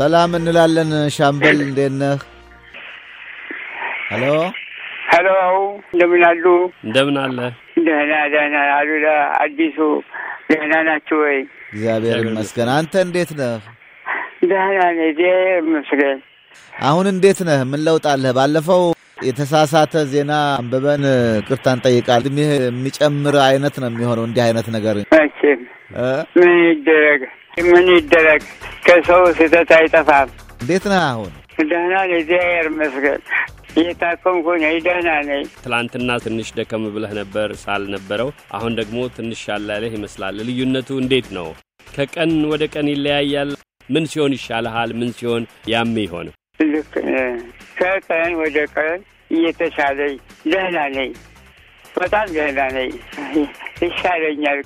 ሰላም እንላለን። ሻምበል እንዴት ነህ? ሄሎ ሄሎ፣ እንደምን አሉ? እንደምን አለ? ደህና ደህና አሉ። አዲሱ ደህና ናችሁ ወይ? እግዚአብሔር ይመስገን። አንተ እንዴት ነህ? ደህና ነኝ፣ እግዚአብሔር ይመስገን። አሁን እንዴት ነህ? ምን ለውጥ አለህ? ባለፈው የተሳሳተ ዜና አንብበን ቅርታ እንጠይቃለን። እድሜህ የሚጨምር አይነት ነው የሚሆነው እንዲህ አይነት ነገር መቼም ምን ይደረግ? ምን ይደረግ? ከሰው ስህተት አይጠፋም። እንዴት ነህ አሁን? ደህና ነኝ፣ እግዚአብሔር ይመስገን። እየታከምኩ ነኝ፣ ደህና ነኝ። ትላንትና ትንሽ ደከም ብለህ ነበር ሳል ነበረው። አሁን ደግሞ ትንሽ ያላለህ ይመስላል። ልዩነቱ እንዴት ነው? ከቀን ወደ ቀን ይለያያል። ምን ሲሆን ይሻልሃል? ምን ሲሆን ያም ይሆን? ልክ ከቀን ወደ ቀን እየተሻለኝ ደህና ነኝ፣ በጣም ደህና ነኝ፣ ይሻለኛል።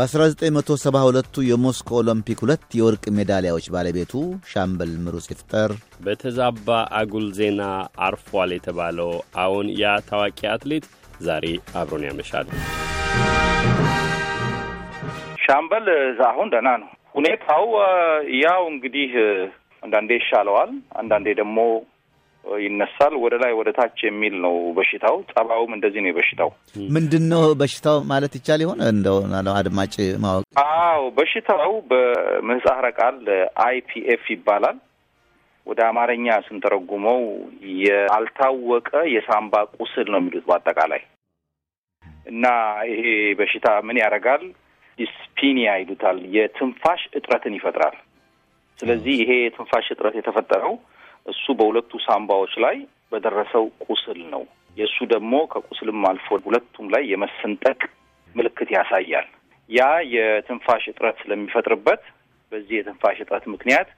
በ1972ቱ የሞስኮ ኦሎምፒክ ሁለት የወርቅ ሜዳሊያዎች ባለቤቱ ሻምበል ምሩጽ ይፍጠር በተዛባ አጉል ዜና አርፏል የተባለው አሁን ያ ታዋቂ አትሌት ዛሬ አብሮን ያመሻል። ሻምበል ዛሁን ደህና ነው። ሁኔታው ያው እንግዲህ አንዳንዴ ይሻለዋል፣ አንዳንዴ ደግሞ ይነሳል። ወደ ላይ ወደ ታች የሚል ነው በሽታው። ጸባውም እንደዚህ ነው። የበሽታው ምንድን ነው በሽታው ማለት ይቻል ይሆን እንደው አድማጭ ማወቅ? አዎ በሽታው በምህጻረ ቃል አይፒኤፍ ይባላል። ወደ አማርኛ ስንተረጉመው ያልታወቀ የሳምባ ቁስል ነው የሚሉት በአጠቃላይ። እና ይሄ በሽታ ምን ያደርጋል? ዲስፒኒያ ይሉታል። የትንፋሽ እጥረትን ይፈጥራል። ስለዚህ ይሄ የትንፋሽ እጥረት የተፈጠረው እሱ በሁለቱ ሳምባዎች ላይ በደረሰው ቁስል ነው። የእሱ ደግሞ ከቁስልም አልፎ ሁለቱም ላይ የመሰንጠቅ ምልክት ያሳያል። ያ የትንፋሽ እጥረት ስለሚፈጥርበት በዚህ የትንፋሽ እጥረት ምክንያት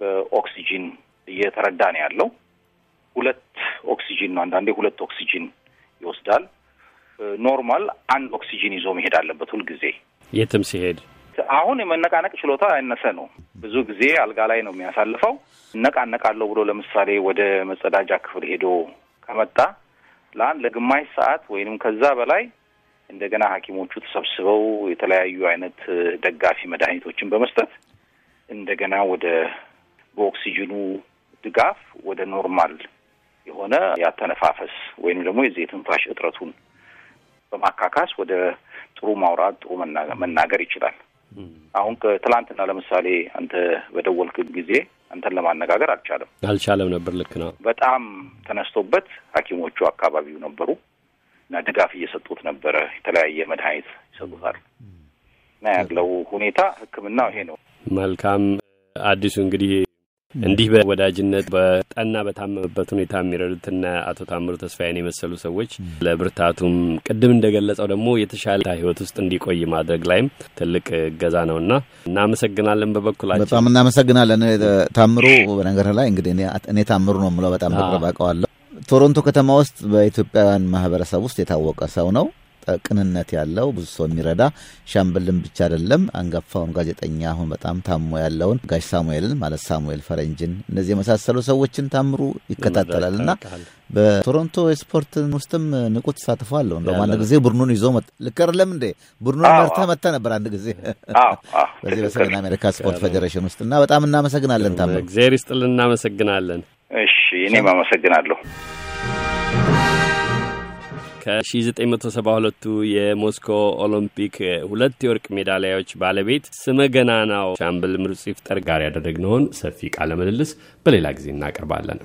በኦክሲጂን እየተረዳ ነው ያለው። ሁለት ኦክሲጂን ነው፣ አንዳንዴ ሁለት ኦክሲጂን ይወስዳል። ኖርማል አንድ ኦክሲጂን ይዞ መሄድ አለበት ሁልጊዜ የትም ሲሄድ። አሁን የመነቃነቅ ችሎታ ያነሰ ነው። ብዙ ጊዜ አልጋ ላይ ነው የሚያሳልፈው። እነቃነቃለሁ ብሎ ለምሳሌ ወደ መጸዳጃ ክፍል ሄዶ ከመጣ ለአንድ ለግማሽ ሰዓት ወይንም ከዛ በላይ እንደገና ሐኪሞቹ ተሰብስበው የተለያዩ አይነት ደጋፊ መድኃኒቶችን በመስጠት እንደገና ወደ በኦክሲጅኑ ድጋፍ ወደ ኖርማል የሆነ ያተነፋፈስ ወይም ደግሞ የዚህ የትንፋሽ እጥረቱን በማካካስ ወደ ጥሩ ማውራት ጥሩ መናገር ይችላል። አሁን ከትላንትና ለምሳሌ አንተ በደወልክ ጊዜ አንተን ለማነጋገር አልቻለም አልቻለም ነበር። ልክ ነው። በጣም ተነስቶበት ሐኪሞቹ አካባቢው ነበሩ እና ድጋፍ እየሰጡት ነበረ። የተለያየ መድኃኒት ይሰጡታል እና ያለው ሁኔታ ህክምና ይሄ ነው። መልካም አዲሱ እንግዲህ እንዲህ በወዳጅነት በጠና በታመመበት ሁኔታ የሚረዱትና አቶ ታምሩ ተስፋዬን የመሰሉ ሰዎች ለብርታቱም ቅድም እንደገለጸው ደግሞ የተሻለ ህይወት ውስጥ እንዲቆይ ማድረግ ላይም ትልቅ እገዛ ነውና እናመሰግናለን። በበኩላችን በጣም እናመሰግናለን። ታምሩ በነገር ላይ እንግዲህ እኔ ታምሩ ነው የምለው በጣም በቅርብ ቶሮንቶ ከተማ ውስጥ በኢትዮጵያውያን ማህበረሰብ ውስጥ የታወቀ ሰው ነው። ቅንነት ያለው ብዙ ሰው የሚረዳ ሻምበልን ብቻ አይደለም፣ አንጋፋውን ጋዜጠኛ አሁን በጣም ታሞ ያለውን ጋሽ ሳሙኤልን ማለት ሳሙኤል ፈረንጅን እነዚህ የመሳሰሉ ሰዎችን ታምሩ ይከታተላል እና በቶሮንቶ የስፖርትን ውስጥም ንቁ ተሳትፎ አለው። እንደውም አንድ ጊዜ ቡድኑን ይዞ ልከርለም እንዴ ቡድኑን መርታ መታ ነበር አንድ ጊዜ በዚህ በሰሜን አሜሪካ ስፖርት ፌዴሬሽን ውስጥ እና በጣም እናመሰግናለን። ታምሩ እግዚአብሔር ይስጥልን። እናመሰግናለን። እሺ እኔም አመሰግናለሁ። ከ1972ቱ የሞስኮ ኦሎምፒክ ሁለት የወርቅ ሜዳሊያዎች ባለቤት ስመገናናው ሻምብል ምሩጽ ይፍጠር ጋር ያደረግነውን ሰፊ ቃለ ምልልስ በሌላ ጊዜ እናቀርባለን።